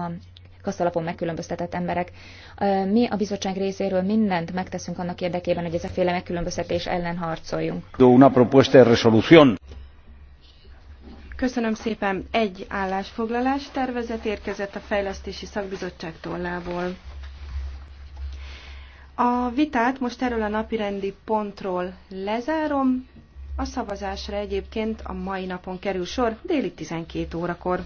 a kaszalapon megkülönböztetett emberek. Mi a bizottság részéről mindent megteszünk annak érdekében, hogy ez a féle megkülönböztetés ellen harcoljunk. Köszönöm szépen. Egy állásfoglalás tervezet érkezett a Fejlesztési Szakbizottság tollából. A vitát most erről a napirendi pontról lezárom. A szavazásra egyébként a mai napon kerül sor déli 12 órakor.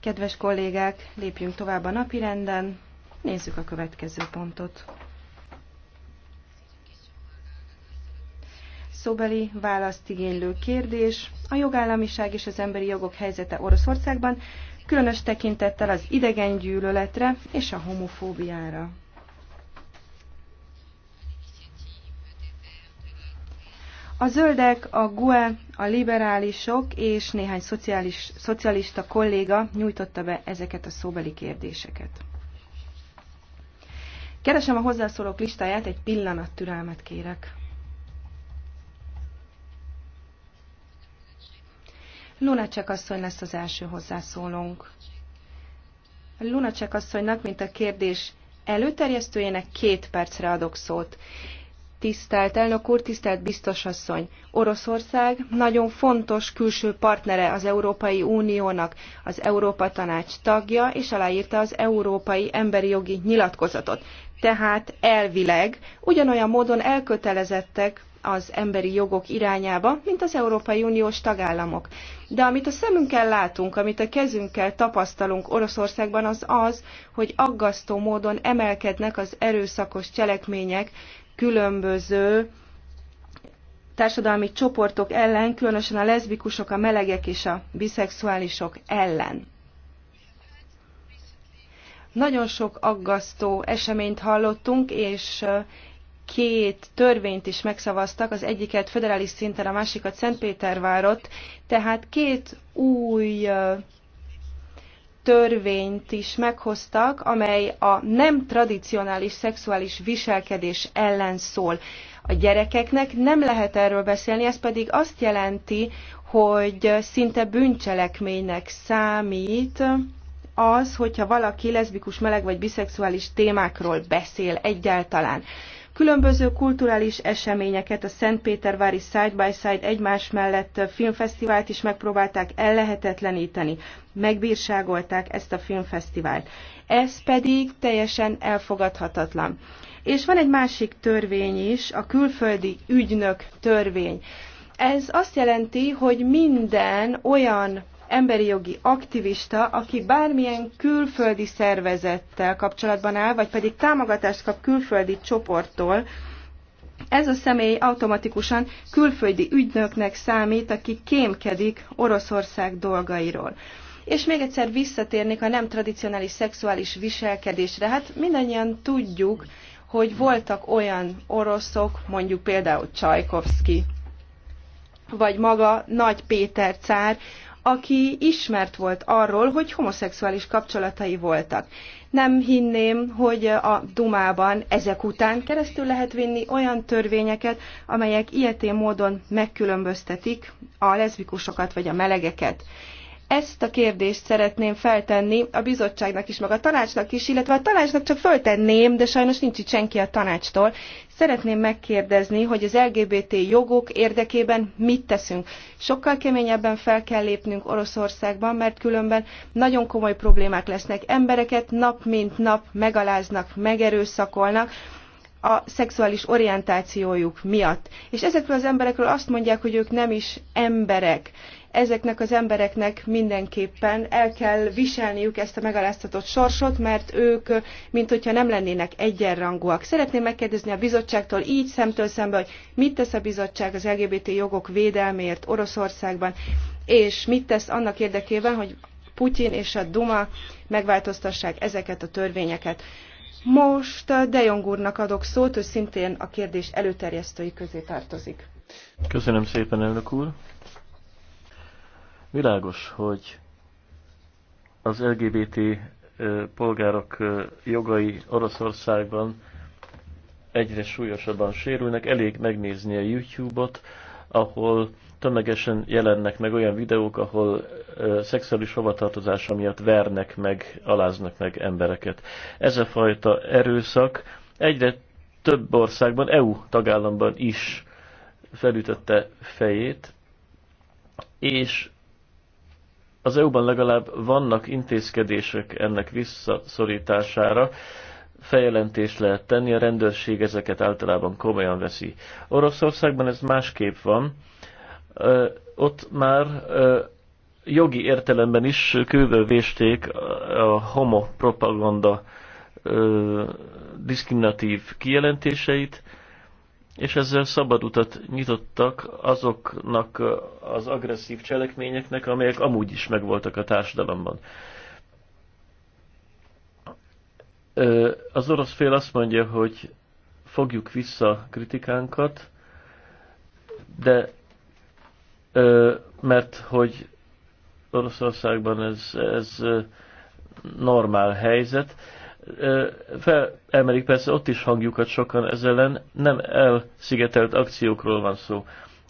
Kedves kollégák, lépjünk tovább a napirenden, nézzük a következő pontot. Szóbeli választ igénylő kérdés. A jogállamiság és az emberi jogok helyzete Oroszországban, különös tekintettel az idegengyűlöletre és a homofóbiára. A zöldek, a GUE, a liberálisok és néhány szociális, szocialista kolléga nyújtotta be ezeket a szóbeli kérdéseket. Keresem a hozzászólók listáját, egy pillanat türelmet kérek. Lunacek asszony lesz az első hozzászólónk. Lunacek asszonynak, mint a kérdés előterjesztőjének két percre adok szót. Tisztelt elnök úr, tisztelt biztos asszony! Oroszország nagyon fontos külső partnere az Európai Uniónak, az Európa Tanács tagja, és aláírta az Európai Emberi Jogi Nyilatkozatot. Tehát elvileg ugyanolyan módon elkötelezettek az emberi jogok irányába, mint az Európai Uniós tagállamok. De amit a szemünkkel látunk, amit a kezünkkel tapasztalunk Oroszországban, az az, hogy aggasztó módon emelkednek az erőszakos cselekmények különböző társadalmi csoportok ellen, különösen a leszbikusok, a melegek és a biszexuálisok ellen. Nagyon sok aggasztó eseményt hallottunk, és két törvényt is megszavaztak, az egyiket federális szinten, a másikat Szentpétervárot, tehát két új törvényt is meghoztak, amely a nem tradicionális szexuális viselkedés ellen szól. A gyerekeknek nem lehet erről beszélni, ez pedig azt jelenti, hogy szinte bűncselekménynek számít az, hogyha valaki leszbikus, meleg vagy biszexuális témákról beszél egyáltalán. Különböző kulturális eseményeket, a Szentpétervári Side by Side egymás mellett filmfesztivált is megpróbálták ellehetetleníteni, megbírságolták ezt a filmfesztivált. Ez pedig teljesen elfogadhatatlan. És van egy másik törvény is, a külföldi ügynök törvény. Ez azt jelenti, hogy minden olyan emberi jogi aktivista, aki bármilyen külföldi szervezettel kapcsolatban áll, vagy pedig támogatást kap külföldi csoporttól, ez a személy automatikusan külföldi ügynöknek számít, aki kémkedik Oroszország dolgairól. És még egyszer visszatérnék a nem tradicionális szexuális viselkedésre. Hát mindannyian tudjuk, hogy voltak olyan oroszok, mondjuk például Csajkovszki, vagy maga Nagy Péter cár, aki ismert volt arról, hogy homoszexuális kapcsolatai voltak. Nem hinném, hogy a Dumában ezek után keresztül lehet vinni olyan törvényeket, amelyek ilyetén módon megkülönböztetik a leszbikusokat vagy a melegeket. Ezt a kérdést szeretném feltenni a bizottságnak is, meg a tanácsnak is, illetve a tanácsnak csak föltenném, de sajnos nincs itt senki a tanácstól. Szeretném megkérdezni, hogy az LGBT jogok érdekében mit teszünk. Sokkal keményebben fel kell lépnünk Oroszországban, mert különben nagyon komoly problémák lesznek. Embereket nap mint nap megaláznak, megerőszakolnak, a szexuális orientációjuk miatt. És ezekről az emberekről azt mondják, hogy ők nem is emberek ezeknek az embereknek mindenképpen el kell viselniük ezt a megaláztatott sorsot, mert ők, mint hogyha nem lennének egyenrangúak. Szeretném megkérdezni a bizottságtól így szemtől szembe, hogy mit tesz a bizottság az LGBT jogok védelméért Oroszországban, és mit tesz annak érdekében, hogy Putyin és a Duma megváltoztassák ezeket a törvényeket. Most De Jong úrnak adok szót, ő szintén a kérdés előterjesztői közé tartozik. Köszönöm szépen, elnök úr! Világos, hogy az LGBT polgárok jogai Oroszországban egyre súlyosabban sérülnek. Elég megnézni a YouTube-ot, ahol tömegesen jelennek meg olyan videók, ahol szexuális hovatartozása miatt vernek meg, aláznak meg embereket. Ez a fajta erőszak egyre több országban, EU tagállamban is felütötte fejét, és az EU-ban legalább vannak intézkedések ennek visszaszorítására, feljelentést lehet tenni, a rendőrség ezeket általában komolyan veszi. Oroszországban ez másképp van, ott már jogi értelemben is kőből vésték a homo propaganda diszkriminatív kijelentéseit, és ezzel szabad utat nyitottak azoknak az agresszív cselekményeknek, amelyek amúgy is megvoltak a társadalomban. Az orosz fél azt mondja, hogy fogjuk vissza kritikánkat, de mert hogy Oroszországban ez, ez normál helyzet, Felemelik persze ott is hangjukat sokan ezzel ellen, nem elszigetelt akciókról van szó.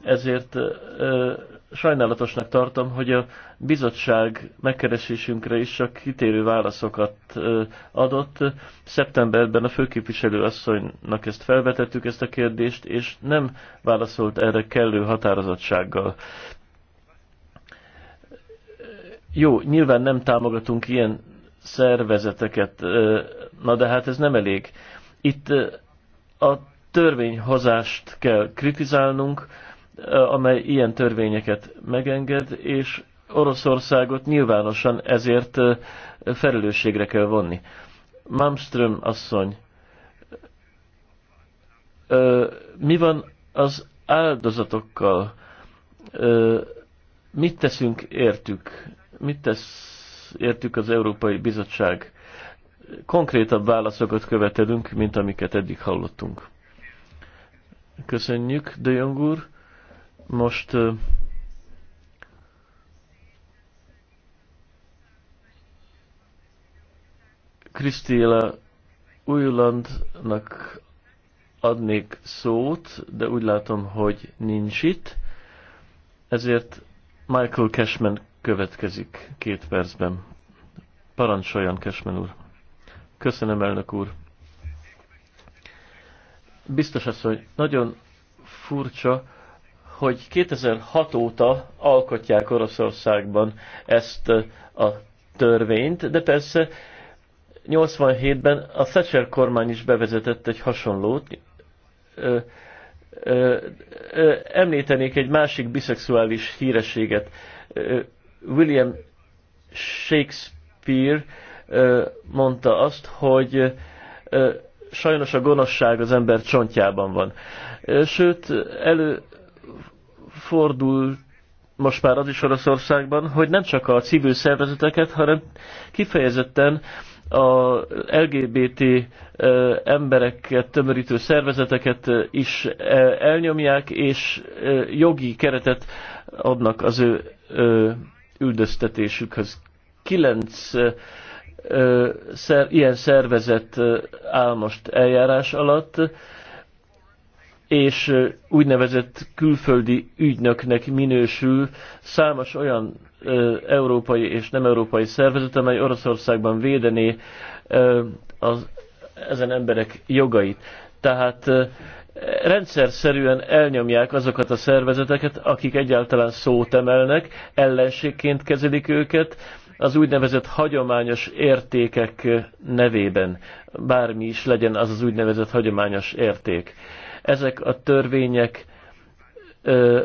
Ezért ö, sajnálatosnak tartom, hogy a bizottság megkeresésünkre is csak kitérő válaszokat ö, adott. Szeptemberben a főképviselő asszonynak ezt felvetettük, ezt a kérdést, és nem válaszolt erre kellő határozottsággal. Jó, nyilván nem támogatunk ilyen szervezeteket. Na de hát ez nem elég. Itt a törvényhozást kell kritizálnunk, amely ilyen törvényeket megenged, és Oroszországot nyilvánosan ezért felelősségre kell vonni. Malmström asszony, mi van az áldozatokkal? Mit teszünk értük? Mit tesz értük az Európai Bizottság. Konkrétabb válaszokat követelünk, mint amiket eddig hallottunk. Köszönjük, De Jong úr. Most Krisztéla Újlandnak adnék szót, de úgy látom, hogy nincs itt. Ezért Michael Cashman következik két percben. Parancsoljon, Kesmen úr. Köszönöm, elnök úr. Biztos az, hogy nagyon furcsa, hogy 2006 óta alkotják Oroszországban ezt a törvényt, de persze 87-ben a Thatcher kormány is bevezetett egy hasonlót. Ö, ö, ö, említenék egy másik biszexuális hírességet. Ö, William Shakespeare mondta azt, hogy sajnos a gonoszság az ember csontjában van. Sőt, előfordul most már az is Oroszországban, hogy nem csak a civil szervezeteket, hanem kifejezetten a LGBT embereket tömörítő szervezeteket is elnyomják, és jogi keretet adnak az ő üldöztetésükhöz. Kilenc szer, ilyen szervezet áll most eljárás alatt, és úgynevezett külföldi ügynöknek minősül számos olyan európai és nem európai szervezet, amely Oroszországban védené az, ezen emberek jogait. Tehát rendszer szerűen elnyomják azokat a szervezeteket, akik egyáltalán szót emelnek, ellenségként kezelik őket, az úgynevezett hagyományos értékek nevében, bármi is legyen az az úgynevezett hagyományos érték. Ezek a törvények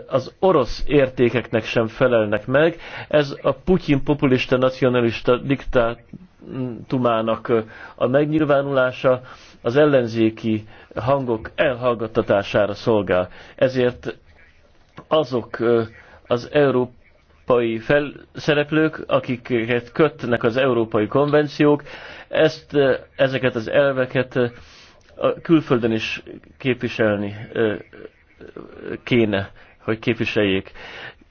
az orosz értékeknek sem felelnek meg. Ez a Putyin populista nacionalista diktátumának a megnyilvánulása, az ellenzéki hangok elhallgattatására szolgál. Ezért azok az európai szereplők, akiket kötnek az európai konvenciók, ezt, ezeket az elveket a külföldön is képviselni kéne, hogy képviseljék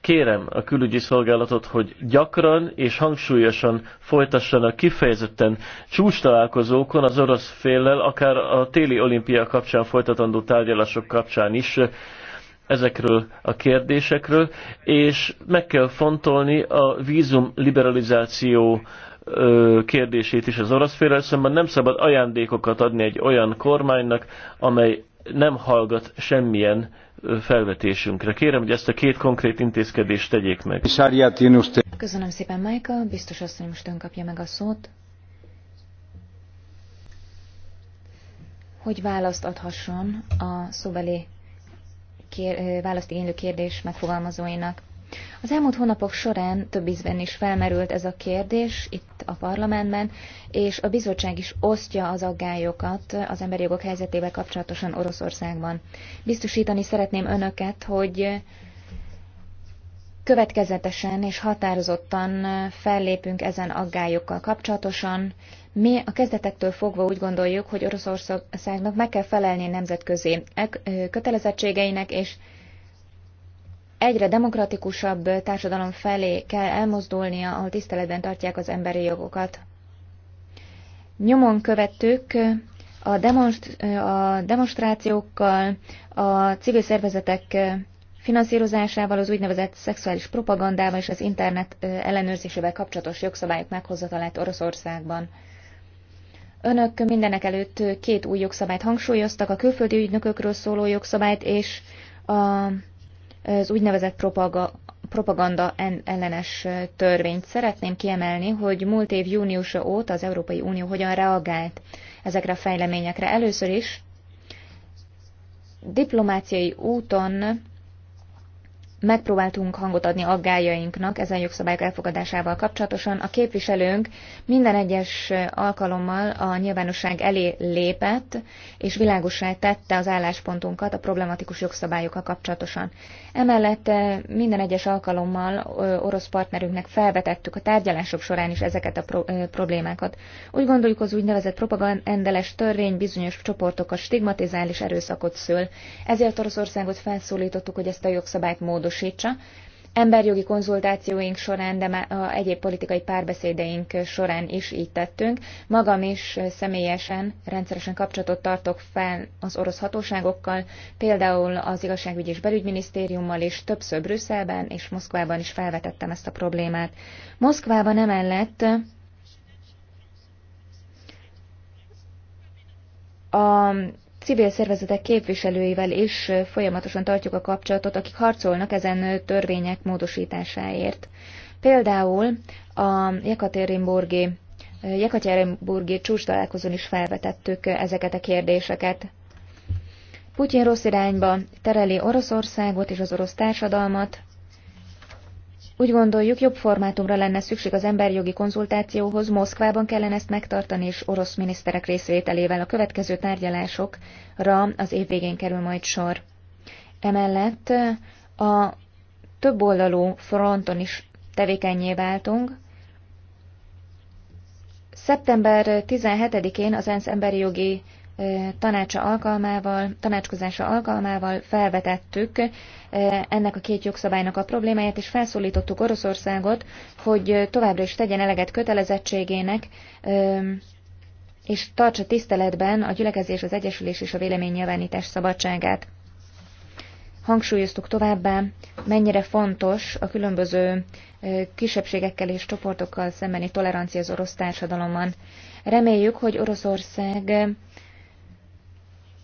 kérem a külügyi szolgálatot, hogy gyakran és hangsúlyosan folytassanak kifejezetten csúcstalálkozókon az orosz féllel, akár a téli olimpia kapcsán folytatandó tárgyalások kapcsán is eh, ezekről a kérdésekről, és meg kell fontolni a vízum liberalizáció eh, kérdését is az orosz félre szemben. Nem szabad ajándékokat adni egy olyan kormánynak, amely nem hallgat semmilyen felvetésünkre. Kérem, hogy ezt a két konkrét intézkedést tegyék meg. Köszönöm szépen, Michael. Biztos azt, hogy most ön kapja meg a szót. Hogy választ adhasson a szóbeli kér, választigénylő kérdés megfogalmazóinak. Az elmúlt hónapok során több ízben is felmerült ez a kérdés itt a parlamentben, és a bizottság is osztja az aggályokat az emberi jogok helyzetével kapcsolatosan Oroszországban. Biztosítani szeretném önöket, hogy következetesen és határozottan fellépünk ezen aggályokkal kapcsolatosan. Mi a kezdetektől fogva úgy gondoljuk, hogy Oroszországnak meg kell felelni nemzetközi e- kötelezettségeinek, és egyre demokratikusabb társadalom felé kell elmozdulnia, ahol tiszteletben tartják az emberi jogokat. Nyomon követtük a, demonst- a demonstrációkkal, a civil szervezetek finanszírozásával, az úgynevezett szexuális propagandával és az internet ellenőrzésével kapcsolatos jogszabályok meghozatalát Oroszországban. Önök mindenek előtt két új jogszabályt hangsúlyoztak, a külföldi ügynökökről szóló jogszabályt és a az úgynevezett propaga, propaganda ellenes törvényt. Szeretném kiemelni, hogy múlt év júniusa óta az Európai Unió hogyan reagált ezekre a fejleményekre. Először is diplomáciai úton megpróbáltunk hangot adni aggájainknak ezen jogszabályok elfogadásával kapcsolatosan. A képviselőnk minden egyes alkalommal a nyilvánosság elé lépett, és világosá tette az álláspontunkat a problematikus jogszabályokkal kapcsolatosan. Emellett eh, minden egyes alkalommal eh, orosz partnerünknek felvetettük a tárgyalások során is ezeket a pro- eh, problémákat. Úgy gondoljuk, az úgynevezett propagandeles törvény bizonyos csoportokat stigmatizál és erőszakot szül. Ezért Oroszországot felszólítottuk, hogy ezt a jogszabályt módon módosítsa. Emberjogi konzultációink során, de már a egyéb politikai párbeszédeink során is így tettünk. Magam is személyesen, rendszeresen kapcsolatot tartok fel az orosz hatóságokkal, például az igazságügyi és belügyminisztériummal is, többször Brüsszelben és Moszkvában is felvetettem ezt a problémát. Moszkvában emellett a civil szervezetek képviselőivel is folyamatosan tartjuk a kapcsolatot, akik harcolnak ezen törvények módosításáért. Például a Jekaterinburgi Jekaterinburgi csúcs találkozón is felvetettük ezeket a kérdéseket. Putyin rossz irányba tereli Oroszországot és az orosz társadalmat, úgy gondoljuk, jobb formátumra lenne szükség az emberjogi konzultációhoz, Moszkvában kellene ezt megtartani, és orosz miniszterek részvételével a következő tárgyalásokra az év végén kerül majd sor. Emellett a több oldalú fronton is tevékenyé váltunk. Szeptember 17-én az ENSZ emberi jogi tanácsa alkalmával, tanácskozása alkalmával felvetettük ennek a két jogszabálynak a problémáját, és felszólítottuk Oroszországot, hogy továbbra is tegyen eleget kötelezettségének, és tartsa tiszteletben a gyülekezés, az egyesülés és a véleménynyilvánítás szabadságát. Hangsúlyoztuk továbbá, mennyire fontos a különböző kisebbségekkel és csoportokkal szembeni tolerancia az orosz társadalomban. Reméljük, hogy Oroszország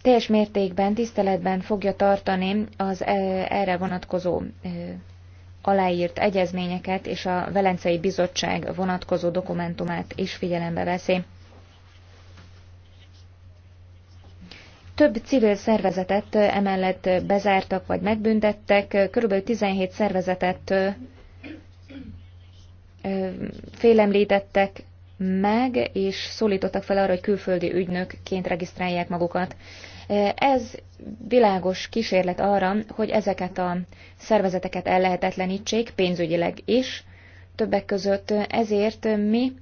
teljes mértékben, tiszteletben fogja tartani az e, erre vonatkozó e, aláírt egyezményeket és a Velencei Bizottság vonatkozó dokumentumát is figyelembe veszi. Több civil szervezetet emellett bezártak vagy megbüntettek, körülbelül 17 szervezetet e, félemlítettek meg, és szólítottak fel arra, hogy külföldi ügynökként regisztrálják magukat. Ez világos kísérlet arra, hogy ezeket a szervezeteket ellehetetlenítsék pénzügyileg is, többek között ezért mi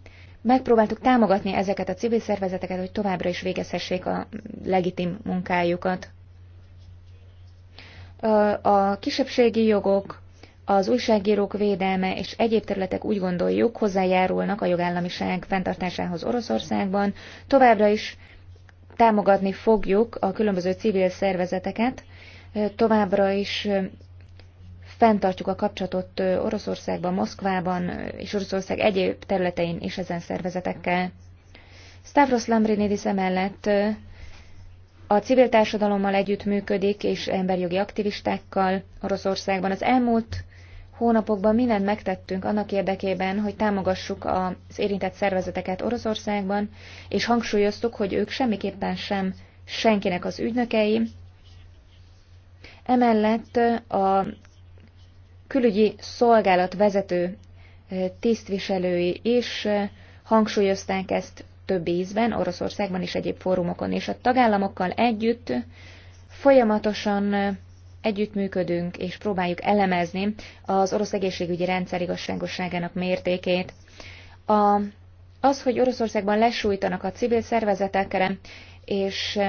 megpróbáltuk támogatni ezeket a civil szervezeteket, hogy továbbra is végezhessék a legitim munkájukat. A kisebbségi jogok, az újságírók védelme és egyéb területek úgy gondoljuk hozzájárulnak a jogállamiság fenntartásához Oroszországban. Továbbra is támogatni fogjuk a különböző civil szervezeteket, továbbra is fenntartjuk a kapcsolatot Oroszországban, Moszkvában és Oroszország egyéb területein és ezen szervezetekkel. Stavros Lambrinidis emellett a civil társadalommal együttműködik és emberjogi aktivistákkal Oroszországban. Az elmúlt hónapokban mindent megtettünk annak érdekében, hogy támogassuk az érintett szervezeteket Oroszországban, és hangsúlyoztuk, hogy ők semmiképpen sem senkinek az ügynökei. Emellett a külügyi szolgálat vezető tisztviselői is hangsúlyozták ezt több ízben, Oroszországban és egyéb fórumokon, és a tagállamokkal együtt folyamatosan együttműködünk és próbáljuk elemezni az orosz egészségügyi rendszer igazságosságának mértékét. A, az, hogy Oroszországban lesújtanak a civil szervezetekre, és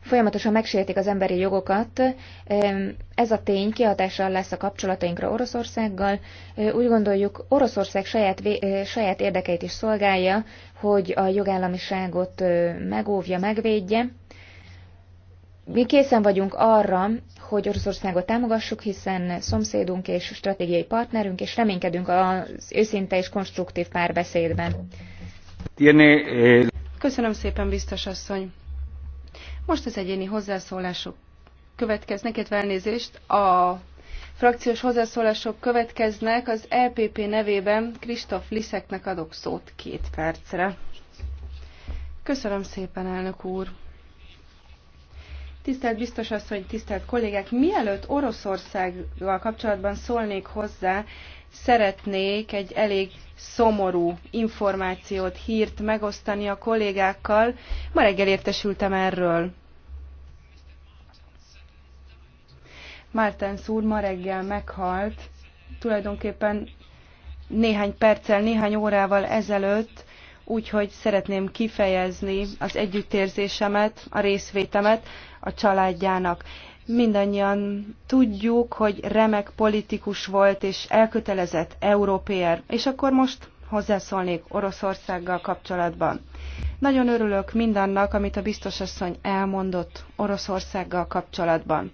folyamatosan megsértik az emberi jogokat, ez a tény kihatással lesz a kapcsolatainkra Oroszországgal. Úgy gondoljuk, Oroszország saját, saját érdekeit is szolgálja, hogy a jogállamiságot megóvja, megvédje, mi készen vagyunk arra, hogy Oroszországot támogassuk, hiszen szomszédunk és stratégiai partnerünk, és reménykedünk az őszinte és konstruktív párbeszédben. Eh, Köszönöm szépen, biztos asszony. Most az egyéni hozzászólások következnek, illetve elnézést. A frakciós hozzászólások következnek. Az LPP nevében Kristof Liszeknek adok szót két percre. Köszönöm szépen, elnök úr. Tisztelt biztos asszony, tisztelt kollégák, mielőtt Oroszországgal kapcsolatban szólnék hozzá, szeretnék egy elég szomorú információt, hírt megosztani a kollégákkal. Ma reggel értesültem erről. Márten úr ma reggel meghalt, tulajdonképpen néhány perccel, néhány órával ezelőtt, úgyhogy szeretném kifejezni az együttérzésemet, a részvétemet a családjának. Mindannyian tudjuk, hogy remek politikus volt és elkötelezett európér. És akkor most hozzászólnék Oroszországgal kapcsolatban. Nagyon örülök mindannak, amit a biztosasszony elmondott Oroszországgal kapcsolatban.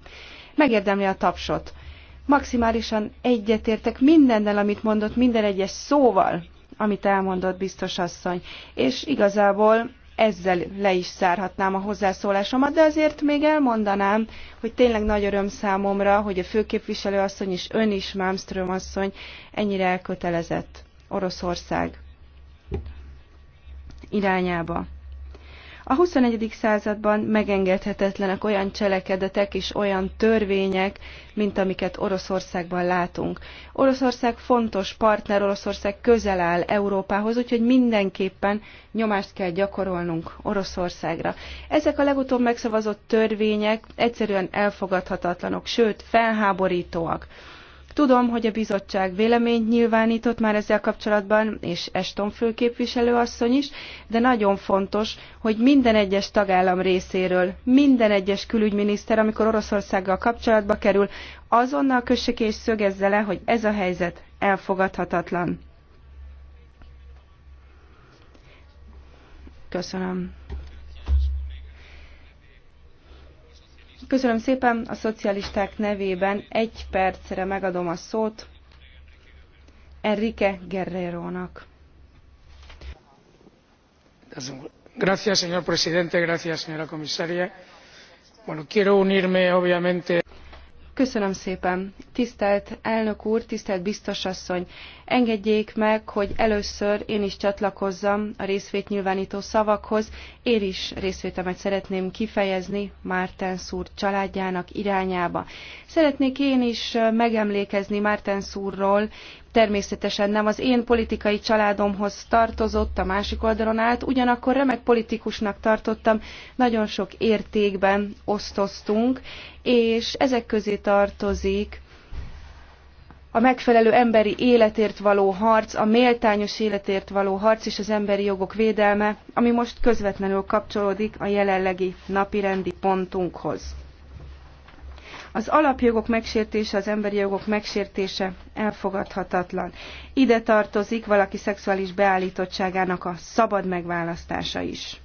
Megérdemli a tapsot. Maximálisan egyetértek mindennel, amit mondott, minden egyes szóval, amit elmondott biztosasszony. És igazából ezzel le is zárhatnám a hozzászólásomat, de azért még elmondanám, hogy tényleg nagy öröm számomra, hogy a főképviselő asszony és ön is, Malmström asszony, ennyire elkötelezett Oroszország irányába. A 21. században megengedhetetlenek olyan cselekedetek és olyan törvények, mint amiket Oroszországban látunk. Oroszország fontos partner, Oroszország közel áll Európához, úgyhogy mindenképpen nyomást kell gyakorolnunk Oroszországra. Ezek a legutóbb megszavazott törvények egyszerűen elfogadhatatlanok, sőt felháborítóak Tudom, hogy a bizottság véleményt nyilvánított már ezzel kapcsolatban, és Eston főképviselő asszony is, de nagyon fontos, hogy minden egyes tagállam részéről, minden egyes külügyminiszter, amikor Oroszországgal kapcsolatba kerül, azonnal kössék és szögezze le, hogy ez a helyzet elfogadhatatlan. Köszönöm. Köszönöm szépen a szocialisták nevében. Egy percre megadom a szót Enrique Guerrero-nak. Gracias, señor presidente. Gracias, señora comisaria. Bueno, quiero unirme, obviamente. Köszönöm szépen. Tisztelt elnök úr, tisztelt biztosasszony, engedjék meg, hogy először én is csatlakozzam a részvétnyilvánító szavakhoz. Én is részvétemet szeretném kifejezni Márten úr családjának irányába. Szeretnék én is megemlékezni Márten úrról Természetesen nem az én politikai családomhoz tartozott, a másik oldalon állt, ugyanakkor remek politikusnak tartottam, nagyon sok értékben osztoztunk, és ezek közé tartozik a megfelelő emberi életért való harc, a méltányos életért való harc és az emberi jogok védelme, ami most közvetlenül kapcsolódik a jelenlegi napirendi pontunkhoz. Az alapjogok megsértése, az emberi jogok megsértése elfogadhatatlan. Ide tartozik valaki szexuális beállítottságának a szabad megválasztása is.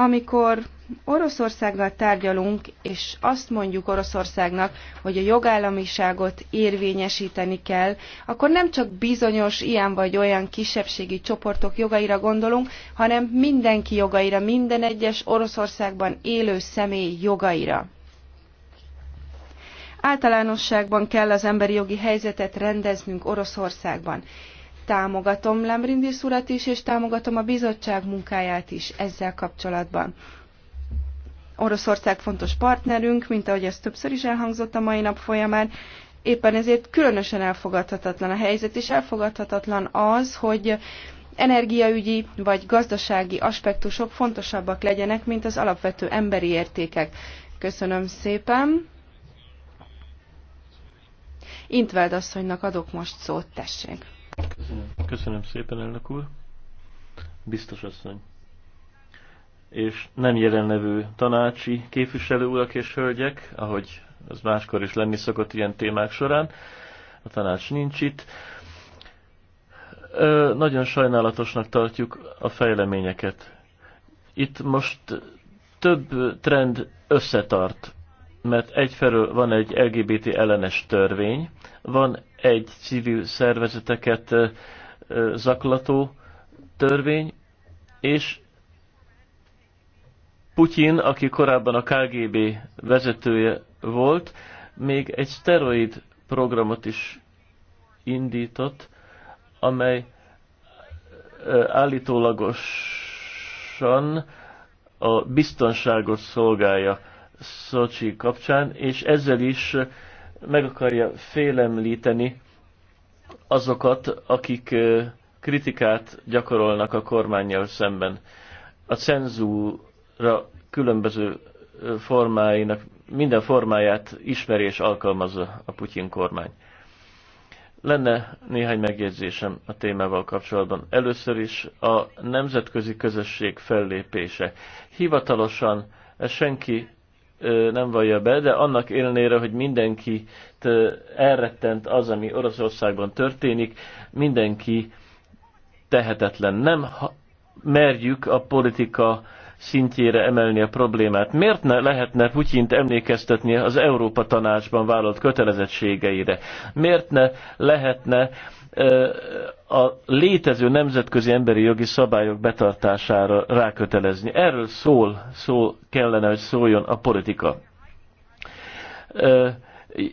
Amikor Oroszországgal tárgyalunk, és azt mondjuk Oroszországnak, hogy a jogállamiságot érvényesíteni kell, akkor nem csak bizonyos ilyen vagy olyan kisebbségi csoportok jogaira gondolunk, hanem mindenki jogaira, minden egyes Oroszországban élő személy jogaira. Általánosságban kell az emberi jogi helyzetet rendeznünk Oroszországban támogatom Lambrindis urat is, és támogatom a bizottság munkáját is ezzel kapcsolatban. Oroszország fontos partnerünk, mint ahogy ez többször is elhangzott a mai nap folyamán, éppen ezért különösen elfogadhatatlan a helyzet, és elfogadhatatlan az, hogy energiaügyi vagy gazdasági aspektusok fontosabbak legyenek, mint az alapvető emberi értékek. Köszönöm szépen. Intveld asszonynak adok most szót, tessék. Köszönöm. Köszönöm szépen, elnök úr. Biztos asszony. És nem jelenlevő tanácsi képviselő urak és hölgyek, ahogy az máskor is lenni szokott ilyen témák során. A tanács nincs itt. Ö, nagyon sajnálatosnak tartjuk a fejleményeket. Itt most több trend összetart mert egyfelől van egy LGBT ellenes törvény, van egy civil szervezeteket zaklató törvény, és Putyin, aki korábban a KGB vezetője volt, még egy steroid programot is indított, amely állítólagosan a biztonságot szolgálja Szocsi kapcsán, és ezzel is meg akarja félemlíteni azokat, akik kritikát gyakorolnak a kormányjal szemben. A cenzúra különböző formáinak, minden formáját ismeri és alkalmazza a Putyin kormány. Lenne néhány megjegyzésem a témával kapcsolatban. Először is a nemzetközi közösség fellépése. Hivatalosan ezt senki nem vallja be, de annak élnére, hogy mindenki elrettent az, ami Oroszországban történik, mindenki tehetetlen. Nem merjük a politika szintjére emelni a problémát. Miért ne lehetne Putyint emlékeztetni az Európa Tanácsban vállalt kötelezettségeire? Miért ne lehetne a létező nemzetközi emberi jogi szabályok betartására rákötelezni. Erről szól, szó kellene, hogy szóljon a politika.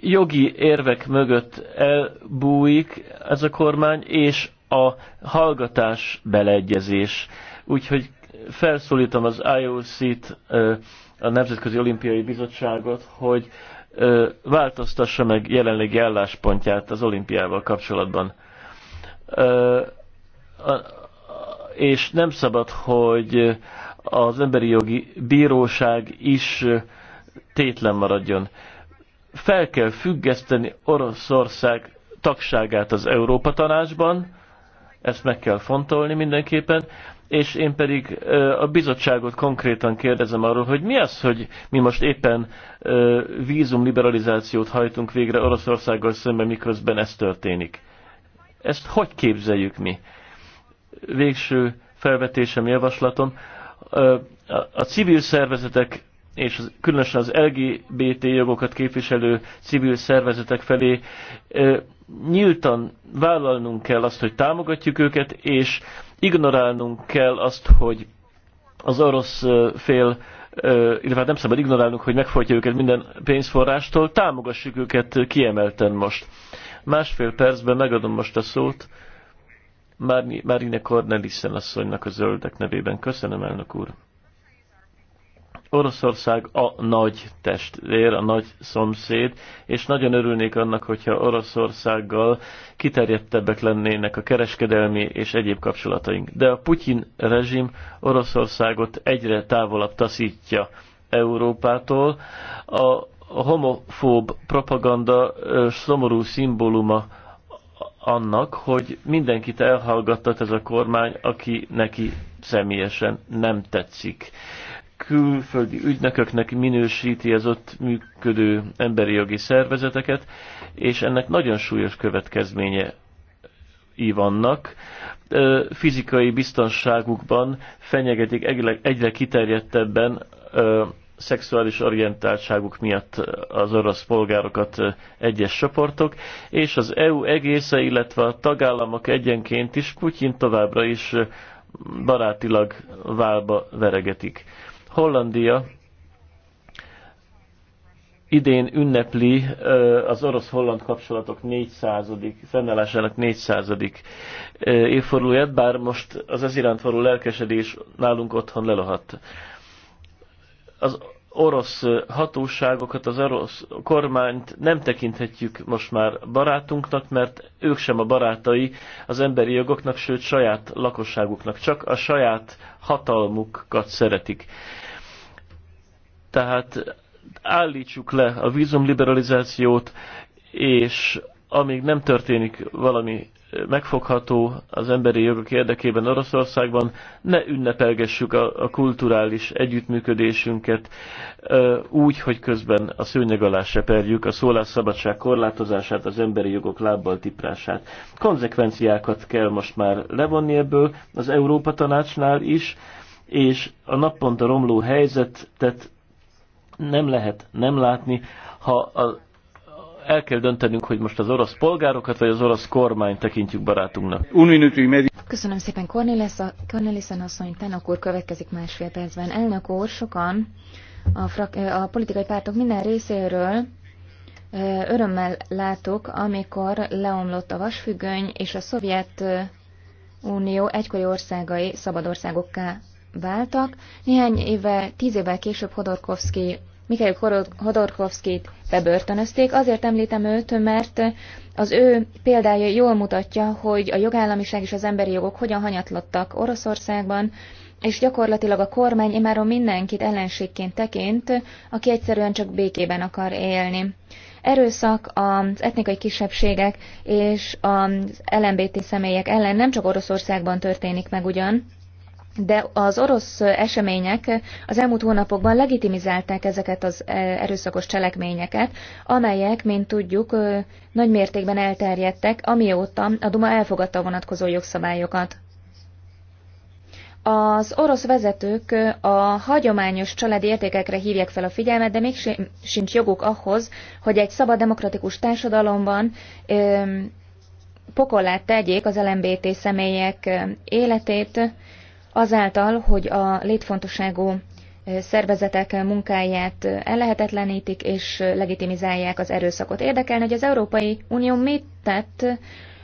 Jogi érvek mögött elbújik ez a kormány, és a hallgatás beleegyezés. Úgyhogy felszólítom az IOC-t, a Nemzetközi Olimpiai Bizottságot, hogy változtassa meg jelenlegi álláspontját az olimpiával kapcsolatban és nem szabad, hogy az emberi jogi bíróság is tétlen maradjon. Fel kell függeszteni Oroszország tagságát az Európa Tanácsban, ezt meg kell fontolni mindenképpen, és én pedig a bizottságot konkrétan kérdezem arról, hogy mi az, hogy mi most éppen vízumliberalizációt hajtunk végre Oroszországgal szemben, miközben ez történik. Ezt hogy képzeljük mi? Végső felvetésem, javaslatom. A civil szervezetek és különösen az LGBT jogokat képviselő civil szervezetek felé nyíltan vállalnunk kell azt, hogy támogatjuk őket, és ignorálnunk kell azt, hogy az orosz fél, illetve hát nem szabad ignorálnunk, hogy megfolytja őket minden pénzforrástól, támogassuk őket kiemelten most. Másfél percben megadom most a szót Márine Cornelissen asszonynak a zöldek nevében. Köszönöm, elnök úr. Oroszország a nagy testvér, a nagy szomszéd, és nagyon örülnék annak, hogyha Oroszországgal kiterjedtebbek lennének a kereskedelmi és egyéb kapcsolataink. De a Putyin rezsim Oroszországot egyre távolabb taszítja Európától. A a homofób propaganda szomorú szimbóluma annak, hogy mindenkit elhallgattat ez a kormány, aki neki személyesen nem tetszik. Külföldi ügynököknek minősíti az ott működő emberi jogi szervezeteket, és ennek nagyon súlyos következménye vannak. Fizikai biztonságukban fenyegetik egyre kiterjedtebben szexuális orientáltságuk miatt az orosz polgárokat egyes csoportok, és az EU egésze, illetve a tagállamok egyenként is Putyin továbbra is barátilag válba veregetik. Hollandia idén ünnepli az orosz-holland kapcsolatok 400. fennállásának 400. évfordulóját, bár most az ez iránt való lelkesedés nálunk otthon lelohadt az orosz hatóságokat, az orosz kormányt nem tekinthetjük most már barátunknak, mert ők sem a barátai az emberi jogoknak, sőt saját lakosságuknak, csak a saját hatalmukat szeretik. Tehát állítsuk le a vízumliberalizációt, és amíg nem történik valami megfogható az emberi jogok érdekében Oroszországban, ne ünnepelgessük a, a kulturális együttműködésünket úgy, hogy közben a szőnyeg alá seperjük a szólásszabadság korlátozását, az emberi jogok lábbal tiprását. Konzekvenciákat kell most már levonni ebből az Európa Tanácsnál is, és a naponta romló helyzetet nem lehet nem látni, ha a el kell döntenünk, hogy most az orosz polgárokat vagy az orosz kormányt tekintjük barátunknak. Köszönöm szépen Cornelissen asszony, Tenok úr következik másfél percben. Elnök úr, sokan a, frak, a politikai pártok minden részéről örömmel látok, amikor leomlott a vasfüggöny, és a szovjet Unió egykori országai szabad országokká váltak. Néhány éve, tíz évvel később Hodorkovsky Mikhail Hodorkovskit bebörtönözték. Azért említem őt, mert az ő példája jól mutatja, hogy a jogállamiság és az emberi jogok hogyan hanyatlottak Oroszországban, és gyakorlatilag a kormány imáron mindenkit ellenségként tekint, aki egyszerűen csak békében akar élni. Erőszak az etnikai kisebbségek és az LMBT személyek ellen nem csak Oroszországban történik meg ugyan, de az orosz események az elmúlt hónapokban legitimizálták ezeket az e, erőszakos cselekményeket, amelyek, mint tudjuk, nagy mértékben elterjedtek, amióta a Duma elfogadta a vonatkozó jogszabályokat. Az orosz vezetők a hagyományos családi értékekre hívják fel a figyelmet, de még sincs joguk ahhoz, hogy egy szabad demokratikus társadalomban pokollát tegyék az LMBT személyek életét, azáltal, hogy a létfontosságú szervezetek munkáját ellehetetlenítik és legitimizálják az erőszakot. Érdekelne, hogy az Európai Unió mit tett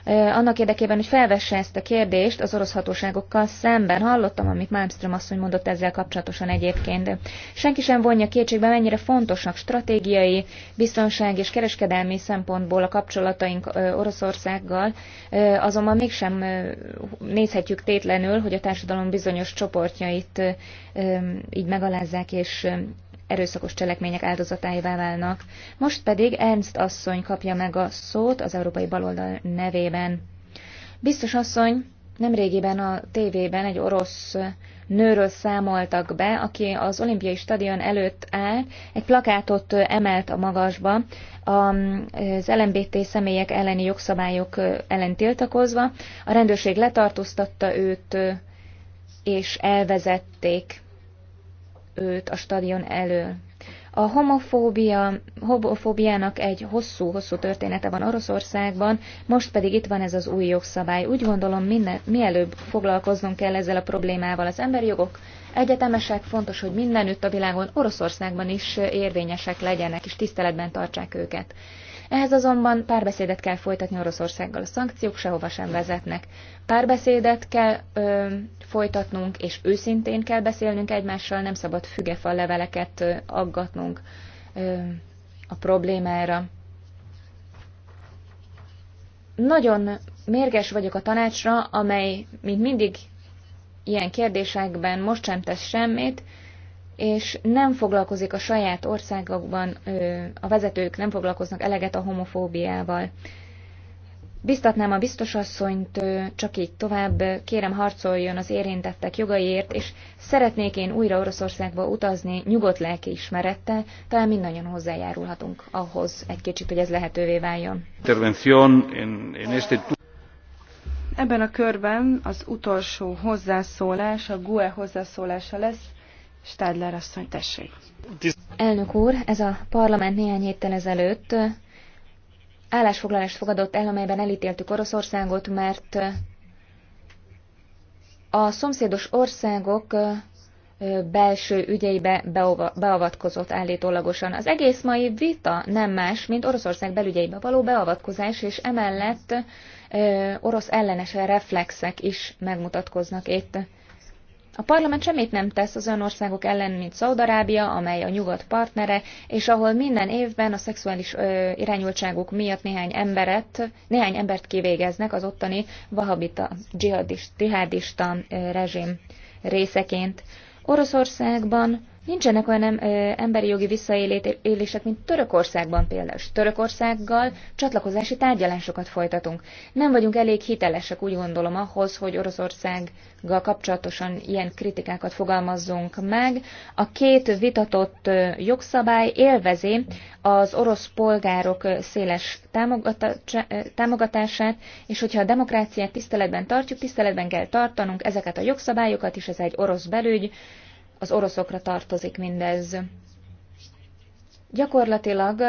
annak érdekében, hogy felvesse ezt a kérdést az orosz hatóságokkal szemben. Hallottam, amit Malmström asszony mondott ezzel kapcsolatosan egyébként. Senki sem vonja kétségbe, mennyire fontosnak stratégiai, biztonság és kereskedelmi szempontból a kapcsolataink Oroszországgal, azonban mégsem nézhetjük tétlenül, hogy a társadalom bizonyos csoportjait így megalázzák és erőszakos cselekmények áldozatáivá válnak. Most pedig Ernst asszony kapja meg a szót az európai baloldal nevében. Biztos asszony, nemrégiben a tévében egy orosz nőről számoltak be, aki az olimpiai stadion előtt állt, egy plakátot emelt a magasba, az LMBT személyek elleni jogszabályok ellen tiltakozva. A rendőrség letartóztatta őt, és elvezették őt a stadion elől. A homofóbia, homofóbiának egy hosszú-hosszú története van Oroszországban, most pedig itt van ez az új jogszabály. Úgy gondolom, minden, mielőbb foglalkoznunk kell ezzel a problémával. Az emberi jogok egyetemesek, fontos, hogy mindenütt a világon, Oroszországban is érvényesek legyenek, és tiszteletben tartsák őket. Ehhez azonban párbeszédet kell folytatni Oroszországgal, a szankciók sehova sem vezetnek. Párbeszédet kell ö, folytatnunk, és őszintén kell beszélnünk egymással, nem szabad fügefal leveleket ö, aggatnunk ö, a problémára. Nagyon mérges vagyok a tanácsra, amely, mint mindig ilyen kérdésekben most sem tesz semmit, és nem foglalkozik a saját országokban, a vezetők nem foglalkoznak eleget a homofóbiával. Biztatnám a biztosasszonyt, csak így tovább, kérem harcoljon az érintettek jogaiért, és szeretnék én újra Oroszországba utazni nyugodt lelki ismerette, talán mindannyian hozzájárulhatunk ahhoz egy kicsit, hogy ez lehetővé váljon. Ebben a körben az utolsó hozzászólás, a GUE hozzászólása lesz. Stadler asszony, tessék. Elnök úr, ez a parlament néhány héttel ezelőtt állásfoglalást fogadott el, amelyben elítéltük Oroszországot, mert a szomszédos országok belső ügyeibe beavatkozott állítólagosan. Az egész mai vita nem más, mint Oroszország belügyeibe való beavatkozás, és emellett orosz ellenes reflexek is megmutatkoznak itt. A parlament semmit nem tesz az olyan országok ellen, mint Szaudarábia, amely a nyugat partnere, és ahol minden évben a szexuális ö, irányultságuk miatt néhány emberet, néhány embert kivégeznek az ottani vahabita, dzsihadista, rezsim részeként. Oroszországban Nincsenek olyan emberi jogi visszaélések, mint Törökországban például. Törökországgal csatlakozási tárgyalásokat folytatunk. Nem vagyunk elég hitelesek, úgy gondolom, ahhoz, hogy Oroszországgal kapcsolatosan ilyen kritikákat fogalmazzunk meg. A két vitatott jogszabály élvezi az orosz polgárok széles támogatását, és hogyha a demokráciát tiszteletben tartjuk, tiszteletben kell tartanunk ezeket a jogszabályokat, és ez egy orosz belügy, az oroszokra tartozik mindez. Gyakorlatilag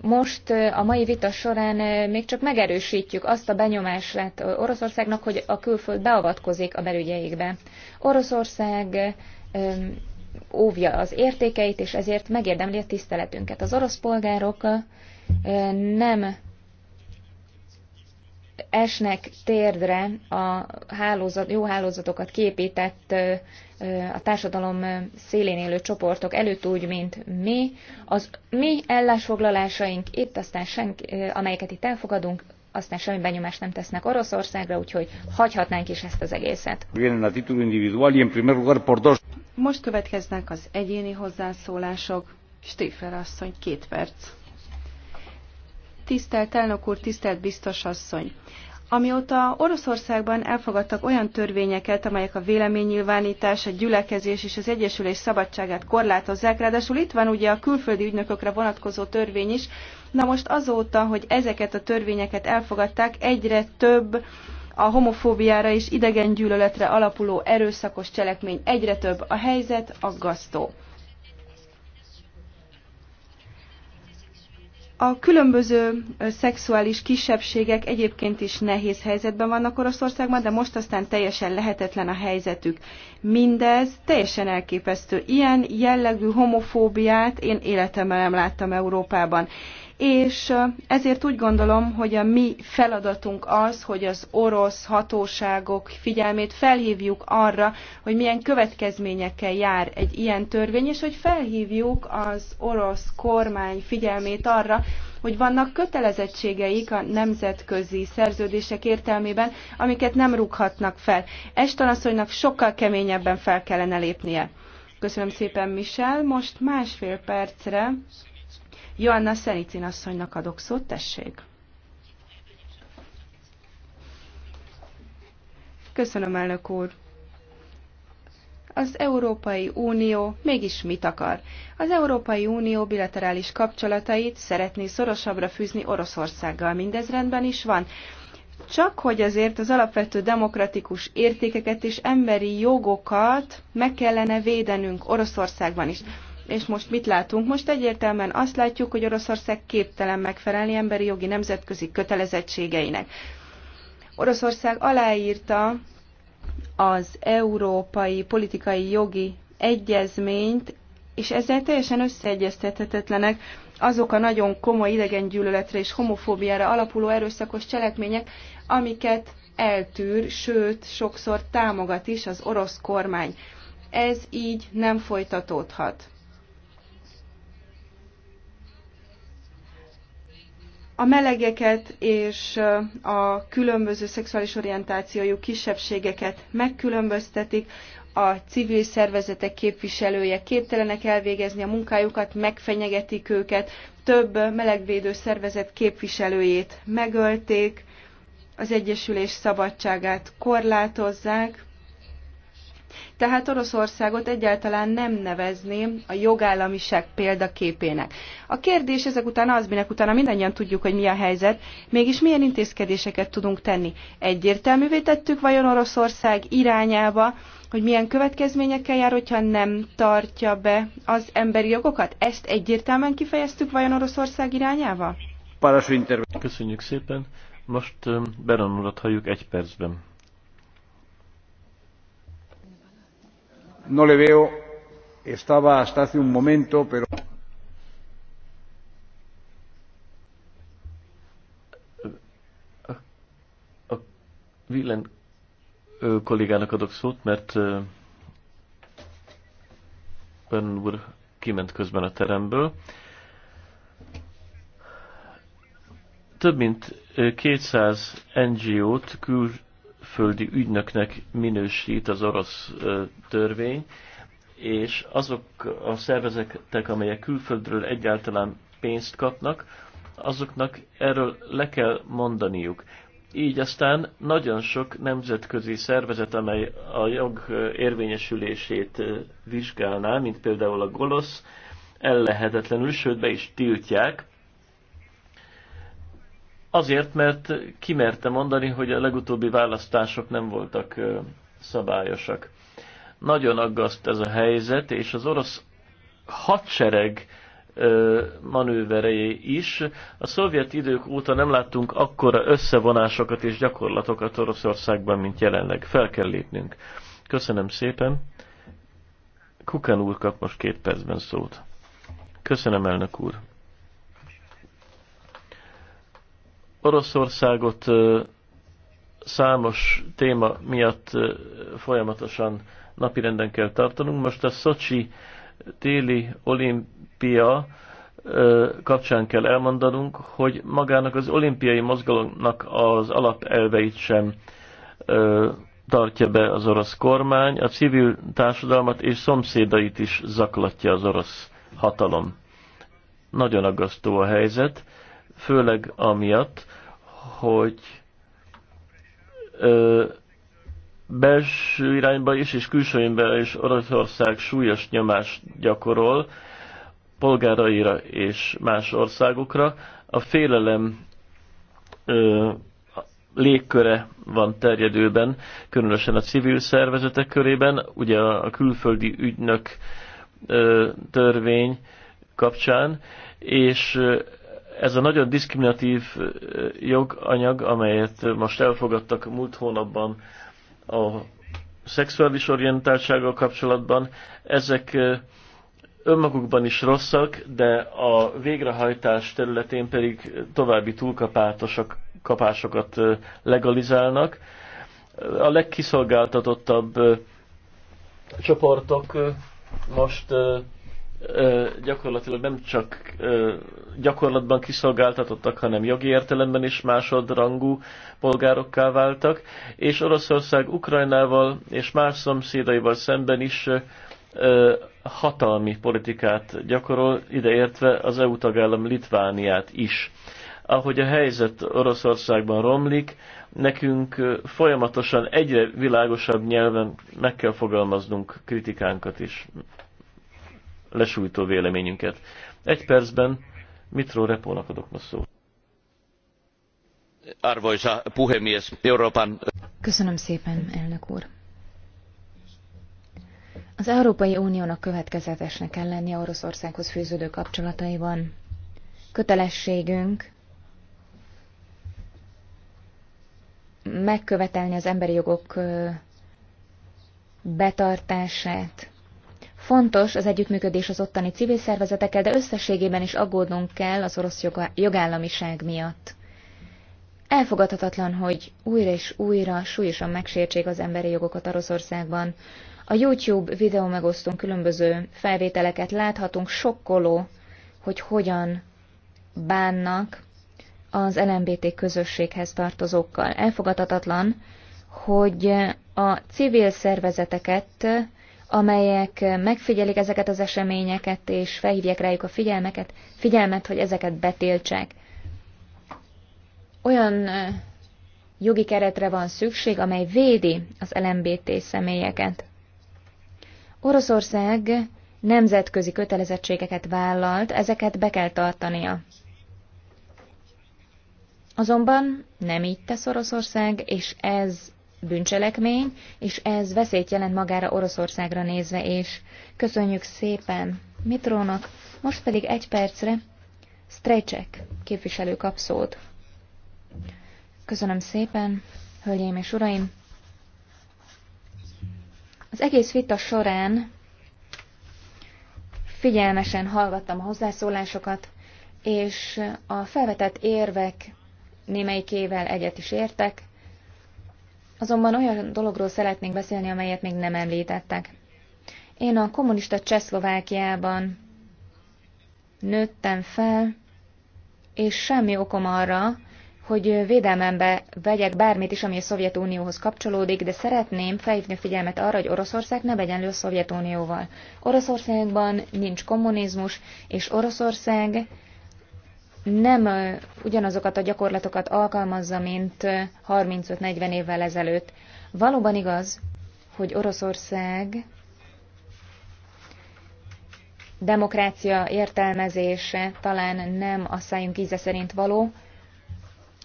most a mai vita során még csak megerősítjük azt a benyomását Oroszországnak, hogy a külföld beavatkozik a belügyeikbe. Oroszország óvja az értékeit, és ezért megérdemli a tiszteletünket. Az orosz polgárok nem esnek térdre a hálózat, jó hálózatokat képített a társadalom szélén élő csoportok előtt úgy, mint mi. Az mi ellásfoglalásaink itt, aztán senki, amelyeket itt elfogadunk, aztán semmi benyomást nem tesznek Oroszországra, úgyhogy hagyhatnánk is ezt az egészet. Most következnek az egyéni hozzászólások. Stéfer asszony, két perc. Tisztelt elnök úr, tisztelt biztos asszony! Amióta Oroszországban elfogadtak olyan törvényeket, amelyek a véleménynyilvánítás, a gyülekezés és az egyesülés szabadságát korlátozzák, ráadásul itt van ugye a külföldi ügynökökre vonatkozó törvény is, na most azóta, hogy ezeket a törvényeket elfogadták, egyre több a homofóbiára és idegengyűlöletre alapuló erőszakos cselekmény egyre több, a helyzet aggasztó. A különböző szexuális kisebbségek egyébként is nehéz helyzetben vannak Oroszországban, de most aztán teljesen lehetetlen a helyzetük. Mindez teljesen elképesztő. Ilyen jellegű homofóbiát én életemben nem láttam Európában és ezért úgy gondolom, hogy a mi feladatunk az, hogy az orosz hatóságok figyelmét felhívjuk arra, hogy milyen következményekkel jár egy ilyen törvény, és hogy felhívjuk az orosz kormány figyelmét arra, hogy vannak kötelezettségeik a nemzetközi szerződések értelmében, amiket nem rúghatnak fel. Eston asszonynak sokkal keményebben fel kellene lépnie. Köszönöm szépen, Michel. Most másfél percre Joanna Szenicin asszonynak adok szót, tessék. Köszönöm, elnök úr az Európai Unió mégis mit akar? Az Európai Unió bilaterális kapcsolatait szeretné szorosabbra fűzni Oroszországgal. Mindez rendben is van. Csak hogy azért az alapvető demokratikus értékeket és emberi jogokat meg kellene védenünk Oroszországban is. És most mit látunk? Most egyértelműen azt látjuk, hogy Oroszország képtelen megfelelni emberi jogi nemzetközi kötelezettségeinek. Oroszország aláírta az európai politikai jogi egyezményt, és ezzel teljesen összeegyeztethetetlenek azok a nagyon komoly idegengyűlöletre és homofóbiára alapuló erőszakos cselekmények, amiket eltűr, sőt, sokszor támogat is az orosz kormány. Ez így nem folytatódhat. a melegeket és a különböző szexuális orientációjú kisebbségeket megkülönböztetik, a civil szervezetek képviselője képtelenek elvégezni a munkájukat, megfenyegetik őket, több melegvédő szervezet képviselőjét megölték, az egyesülés szabadságát korlátozzák, tehát Oroszországot egyáltalán nem nevezném a jogállamiság példaképének. A kérdés ezek után az, minek utána mindannyian tudjuk, hogy mi a helyzet, mégis milyen intézkedéseket tudunk tenni. Egyértelművé tettük vajon Oroszország irányába, hogy milyen következményekkel jár, hogyha nem tartja be az emberi jogokat? Ezt egyértelműen kifejeztük vajon Oroszország irányába? Köszönjük szépen. Most Beran urat halljuk egy percben. no le veo estaba hasta hace un momento pero a kollégának adok szót, mert ön úr kiment közben a teremből. Több mint 200 NGO-t, kül, külföldi ügynöknek minősít az orosz törvény, és azok a szervezetek, amelyek külföldről egyáltalán pénzt kapnak, azoknak erről le kell mondaniuk. Így aztán nagyon sok nemzetközi szervezet, amely a jog érvényesülését vizsgálná, mint például a GOLOSZ, ellehetetlenül, sőt be is tiltják, Azért, mert kimerte mondani, hogy a legutóbbi választások nem voltak szabályosak. Nagyon aggaszt ez a helyzet, és az orosz hadsereg manőverei is. A szovjet idők óta nem láttunk akkora összevonásokat és gyakorlatokat Oroszországban, mint jelenleg. Fel kell lépnünk. Köszönöm szépen. Kukan úr kap most két percben szót. Köszönöm, elnök úr. Oroszországot számos téma miatt folyamatosan napirenden kell tartanunk. Most a Szocsi téli olimpia kapcsán kell elmondanunk, hogy magának az olimpiai mozgalomnak az alapelveit sem tartja be az orosz kormány, a civil társadalmat és szomszédait is zaklatja az orosz hatalom. Nagyon aggasztó a helyzet főleg amiatt, hogy ö, belső irányba is, és külső irányba is Oroszország súlyos nyomást gyakorol polgáraira és más országokra. A félelem ö, légköre van terjedőben, különösen a civil szervezetek körében, ugye a külföldi ügynök ö, törvény kapcsán, és ez a nagyon diszkriminatív joganyag, amelyet most elfogadtak múlt hónapban a szexuális orientáltsággal kapcsolatban, ezek önmagukban is rosszak, de a végrehajtás területén pedig további túlkapátosak, kapásokat legalizálnak. A legkiszolgáltatottabb csoportok most gyakorlatilag nem csak gyakorlatban kiszolgáltatottak, hanem jogi értelemben is másodrangú polgárokká váltak, és Oroszország Ukrajnával és más szomszédaival szemben is hatalmi politikát gyakorol, ideértve az EU tagállam Litvániát is. Ahogy a helyzet Oroszországban romlik, nekünk folyamatosan egyre világosabb nyelven meg kell fogalmaznunk kritikánkat is lesújtó véleményünket. Egy percben Mitro Repónak adok most szót. Arvoisa puhemies, Európán. Köszönöm szépen, elnök úr. Az Európai Uniónak következetesnek kell lennie Oroszországhoz fűződő kapcsolataiban. Kötelességünk megkövetelni az emberi jogok betartását, Fontos az együttműködés az ottani civil szervezetekkel, de összességében is aggódnunk kell az orosz jogállamiság miatt. Elfogadhatatlan, hogy újra és újra súlyosan megsértsék az emberi jogokat Oroszországban. A YouTube videó megosztón különböző felvételeket láthatunk, sokkoló, hogy hogyan bánnak az LMBT közösséghez tartozókkal. Elfogadhatatlan, hogy a civil szervezeteket amelyek megfigyelik ezeket az eseményeket, és felhívják rájuk a figyelmeket, figyelmet, hogy ezeket betiltsák. Olyan jogi keretre van szükség, amely védi az LMBT személyeket. Oroszország nemzetközi kötelezettségeket vállalt, ezeket be kell tartania. Azonban nem így tesz Oroszország, és ez bűncselekmény, és ez veszélyt jelent magára Oroszországra nézve és Köszönjük szépen Mitrónak, most pedig egy percre Strejcsek képviselő kap szót. Köszönöm szépen, hölgyeim és uraim! Az egész vita során figyelmesen hallgattam a hozzászólásokat, és a felvetett érvek némelyikével egyet is értek, Azonban olyan dologról szeretnék beszélni, amelyet még nem említettek. Én a kommunista Csehszlovákiában nőttem fel, és semmi okom arra, hogy védelmembe vegyek bármit is, ami a Szovjetunióhoz kapcsolódik, de szeretném felhívni a figyelmet arra, hogy Oroszország ne vegyen lő a Szovjetunióval. Oroszországban nincs kommunizmus, és Oroszország nem ugyanazokat a gyakorlatokat alkalmazza, mint 35-40 évvel ezelőtt. Valóban igaz, hogy Oroszország demokrácia értelmezése talán nem a szájunk íze szerint való.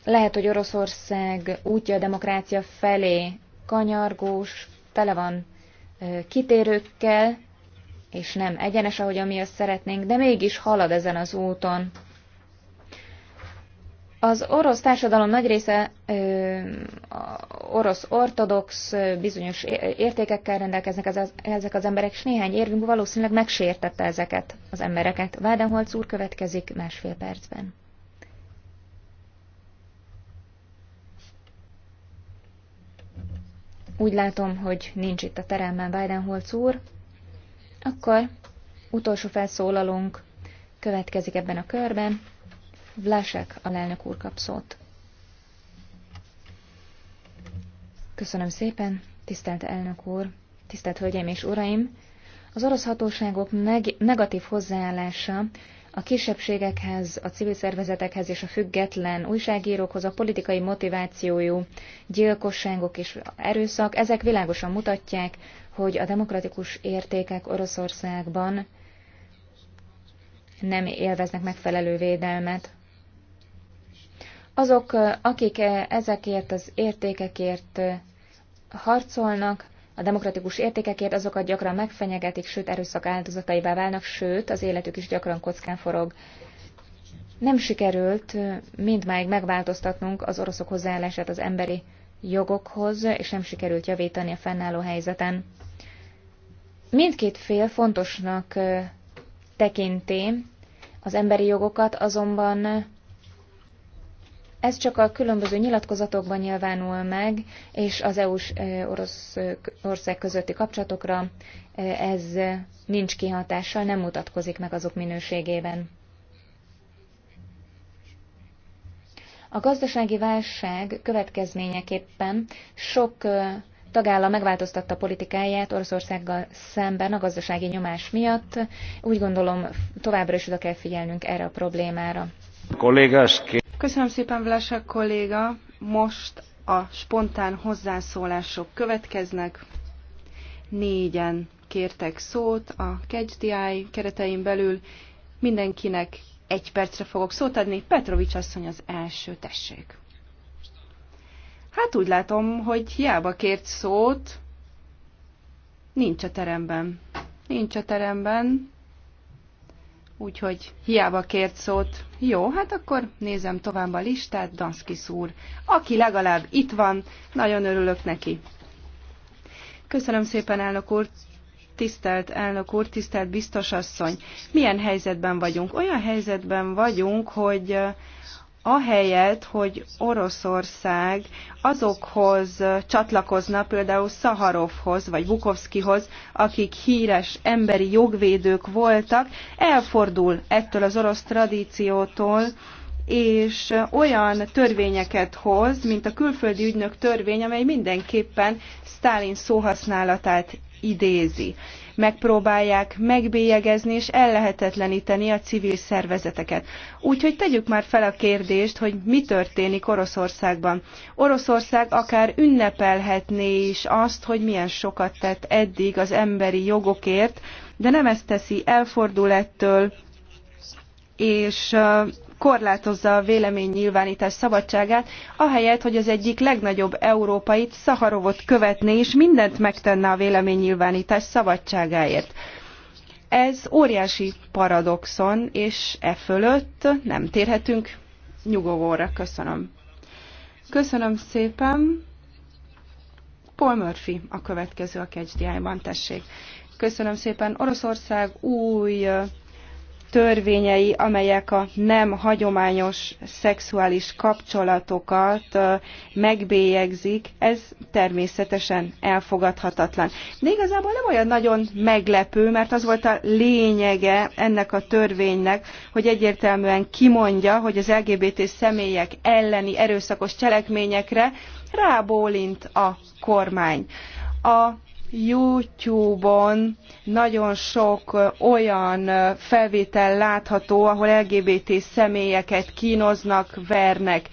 Lehet, hogy Oroszország útja a demokrácia felé kanyargós, tele van kitérőkkel, és nem egyenes, ahogy mi azt szeretnénk, de mégis halad ezen az úton. Az orosz társadalom nagy része ö, orosz ortodox, bizonyos értékekkel rendelkeznek ez, ezek az emberek, és néhány érvünk valószínűleg megsértette ezeket az embereket. Vádenholz úr következik másfél percben. Úgy látom, hogy nincs itt a teremben Vádenholz úr. Akkor utolsó felszólalunk következik ebben a körben. Vlásek lelnök úr kap szót. Köszönöm szépen, tisztelt elnök úr, tisztelt hölgyeim és uraim! Az orosz hatóságok neg- negatív hozzáállása a kisebbségekhez, a civil szervezetekhez és a független újságírókhoz a politikai motivációjú gyilkosságok és erőszak, ezek világosan mutatják, hogy a demokratikus értékek Oroszországban nem élveznek megfelelő védelmet. Azok, akik ezekért az értékekért harcolnak, a demokratikus értékekért azokat gyakran megfenyegetik, sőt erőszak áldozataivá válnak, sőt az életük is gyakran kockán forog. Nem sikerült mindmáig megváltoztatnunk az oroszok hozzáállását az emberi jogokhoz, és nem sikerült javítani a fennálló helyzeten. Mindkét fél fontosnak tekinti az emberi jogokat, azonban ez csak a különböző nyilatkozatokban nyilvánul meg, és az EU-s e, e, ország közötti kapcsolatokra e, ez nincs kihatással, nem mutatkozik meg azok minőségében. A gazdasági válság következményeképpen sok tagállam megváltoztatta politikáját Oroszországgal szemben a gazdasági nyomás miatt. Úgy gondolom, továbbra is oda kell figyelnünk erre a problémára. Kollégás, Köszönöm szépen, Vlasa kolléga. Most a spontán hozzászólások következnek. Négyen kértek szót a KGDI keretein belül. Mindenkinek egy percre fogok szót adni. Petrovics asszony az első, tessék. Hát úgy látom, hogy hiába kért szót, nincs a teremben. Nincs a teremben úgyhogy hiába kért szót. Jó, hát akkor nézem tovább a listát, Danszki szúr, aki legalább itt van, nagyon örülök neki. Köszönöm szépen, elnök úr, tisztelt elnök úr, tisztelt biztos asszony. Milyen helyzetben vagyunk? Olyan helyzetben vagyunk, hogy ahelyett, hogy Oroszország azokhoz csatlakozna, például Szaharovhoz vagy Bukovszkihoz, akik híres emberi jogvédők voltak, elfordul ettől az orosz tradíciótól, és olyan törvényeket hoz, mint a külföldi ügynök törvény, amely mindenképpen stalin szóhasználatát idézi. Megpróbálják megbélyegezni és ellehetetleníteni a civil szervezeteket. Úgyhogy tegyük már fel a kérdést, hogy mi történik Oroszországban. Oroszország akár ünnepelhetné is azt, hogy milyen sokat tett eddig az emberi jogokért, de nem ezt teszi, elfordul ettől, és korlátozza a véleménynyilvánítás szabadságát, ahelyett, hogy az egyik legnagyobb európait, Szaharovot követné, és mindent megtenne a véleménynyilvánítás szabadságáért. Ez óriási paradoxon, és e fölött nem térhetünk nyugovóra. Köszönöm. Köszönöm szépen. Paul Murphy a következő a KGDI-ban, tessék. Köszönöm szépen. Oroszország új törvényei, amelyek a nem hagyományos szexuális kapcsolatokat megbélyegzik, ez természetesen elfogadhatatlan. De igazából nem olyan nagyon meglepő, mert az volt a lényege ennek a törvénynek, hogy egyértelműen kimondja, hogy az LGBT személyek elleni erőszakos cselekményekre rábólint a kormány. A YouTube-on nagyon sok olyan felvétel látható, ahol LGBT személyeket kínoznak, vernek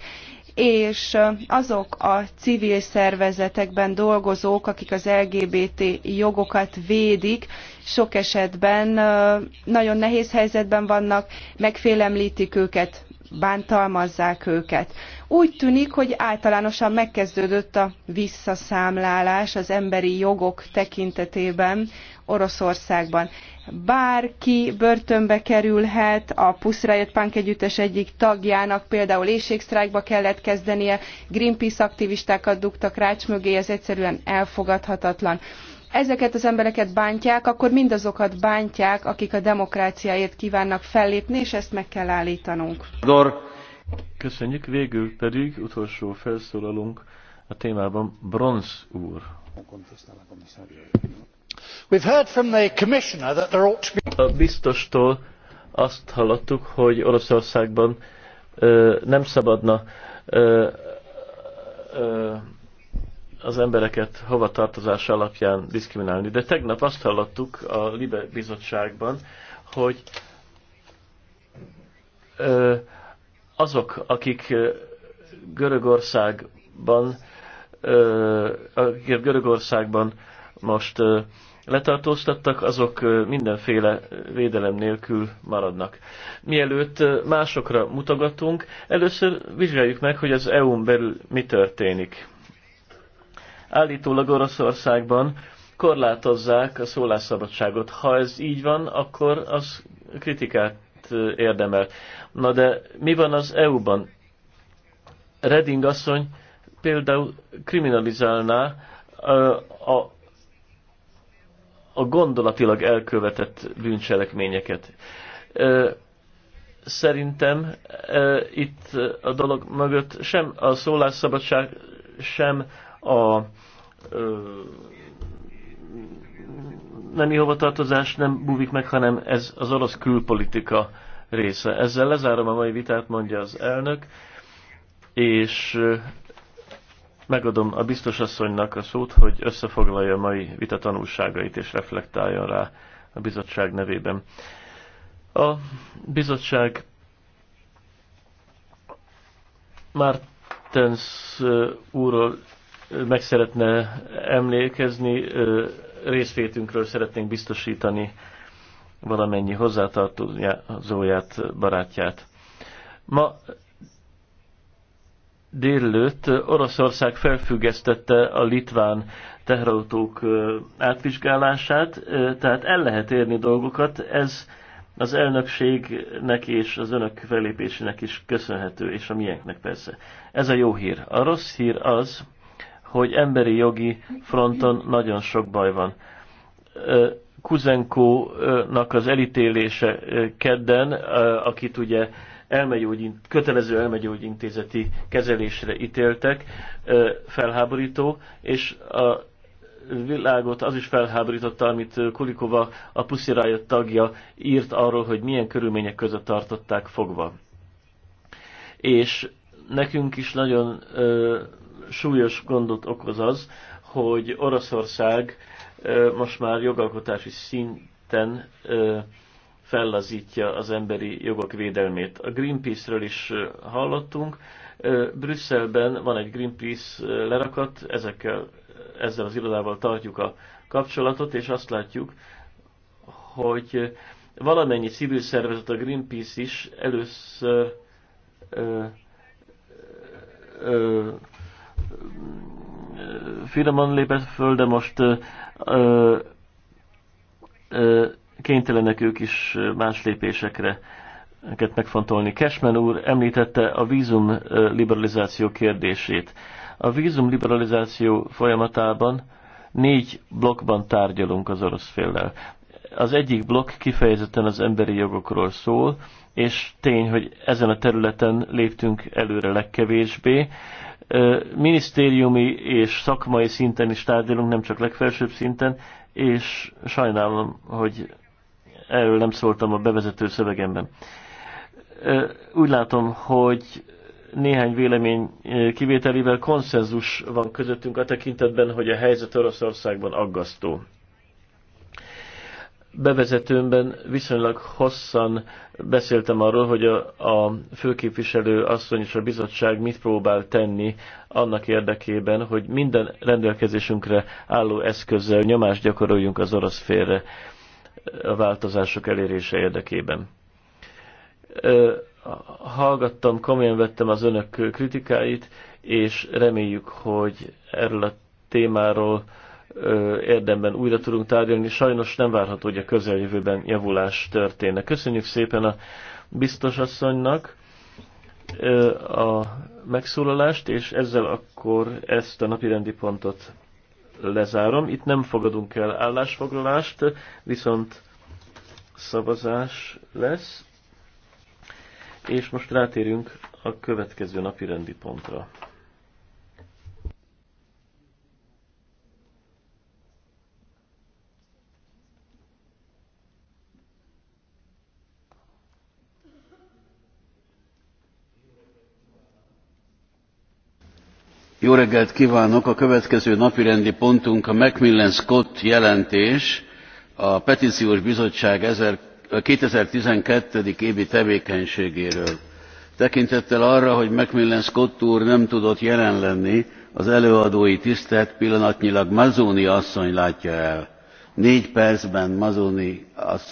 és azok a civil szervezetekben dolgozók, akik az LGBT jogokat védik, sok esetben nagyon nehéz helyzetben vannak, megfélemlítik őket, bántalmazzák őket. Úgy tűnik, hogy általánosan megkezdődött a visszaszámlálás az emberi jogok tekintetében Oroszországban. Bárki börtönbe kerülhet, a Puszra punk együttes egyik tagjának például éjségsztrájkba kellett kezdenie, Greenpeace aktivistákat dugtak rács mögé, ez egyszerűen elfogadhatatlan ezeket az embereket bántják, akkor mindazokat bántják, akik a demokráciáért kívánnak fellépni, és ezt meg kell állítanunk. Dor, Köszönjük, végül pedig utolsó felszólalunk a témában Bronz úr. We've heard from the commissioner that there ought to be... A biztostól azt hallottuk, hogy Oroszországban ö, nem szabadna ö, ö, az embereket hova tartozás alapján diszkriminálni. De tegnap azt hallottuk a Libe bizottságban, hogy ö, azok, akik Görögországban, ö, Görögországban most ö, letartóztattak, azok mindenféle védelem nélkül maradnak. Mielőtt másokra mutogatunk, először vizsgáljuk meg, hogy az EU-n belül mi történik Állítólag Oroszországban korlátozzák a szólásszabadságot. Ha ez így van, akkor az kritikát érdemel. Na de mi van az EU-ban? Reding asszony például kriminalizálná a, a, a gondolatilag elkövetett bűncselekményeket. Szerintem itt a dolog mögött sem a szólásszabadság, sem a ö, nemi hovatartozás nem búvik meg, hanem ez az orosz külpolitika része. Ezzel lezárom a mai vitát, mondja az elnök, és megadom a biztos asszonynak a szót, hogy összefoglalja a mai vita tanulságait és reflektáljon rá a bizottság nevében. A bizottság Martens úrról meg szeretne emlékezni, részvétünkről szeretnénk biztosítani valamennyi hozzátartozóját, barátját. Ma délelőtt Oroszország felfüggesztette a litván teherautók átvizsgálását, tehát el lehet érni dolgokat, ez az elnökségnek és az önök felépésének is köszönhető, és a miénknek persze. Ez a jó hír. A rossz hír az, hogy emberi jogi fronton nagyon sok baj van. Kuzenkónak az elítélése kedden, akit ugye elmegyógyint, kötelező elmegyógyintézeti kezelésre ítéltek, felháborító, és a világot az is felháborította, amit Kulikova, a Pussy Riot tagja írt arról, hogy milyen körülmények között tartották fogva. És nekünk is nagyon súlyos gondot okoz az, hogy Oroszország most már jogalkotási szinten fellazítja az emberi jogok védelmét. A Greenpeace-ről is hallottunk. Brüsszelben van egy Greenpeace lerakat, ezekkel, ezzel az irodával tartjuk a kapcsolatot, és azt látjuk, hogy valamennyi civil szervezet, a Greenpeace is először ö, ö, Filemon lépett föl, de most ö, ö, kénytelenek ők is más lépésekre ezeket megfontolni. Cashman úr említette a vízum liberalizáció kérdését. A vízum liberalizáció folyamatában négy blokkban tárgyalunk az orosz féllel. Az egyik blokk kifejezetten az emberi jogokról szól, és tény, hogy ezen a területen léptünk előre legkevésbé. Minisztériumi és szakmai szinten is tárgyalunk, nem csak legfelsőbb szinten, és sajnálom, hogy erről nem szóltam a bevezető szövegemben. Úgy látom, hogy néhány vélemény kivételével konszenzus van közöttünk a tekintetben, hogy a helyzet Oroszországban aggasztó bevezetőmben viszonylag hosszan beszéltem arról, hogy a, a főképviselő asszony és a bizottság mit próbál tenni annak érdekében, hogy minden rendelkezésünkre álló eszközzel nyomást gyakoroljunk az orosz félre a változások elérése érdekében. Hallgattam, komolyan vettem az önök kritikáit, és reméljük, hogy erről a témáról érdemben újra tudunk tárgyalni. Sajnos nem várható, hogy a közeljövőben javulás történne. Köszönjük szépen a biztos asszonynak a megszólalást, és ezzel akkor ezt a napirendi pontot lezárom. Itt nem fogadunk el állásfoglalást, viszont szavazás lesz. És most rátérünk a következő napirendi pontra. Jó reggelt kívánok! A következő napirendi pontunk a Macmillan Scott jelentés, a Petíciós Bizottság 2012. évi tevékenységéről. Tekintettel arra, hogy Macmillan Scott úr nem tudott jelen lenni, az előadói tisztet pillanatnyilag Mazzoni asszony látja el. Négy percben Mazzoni asszony.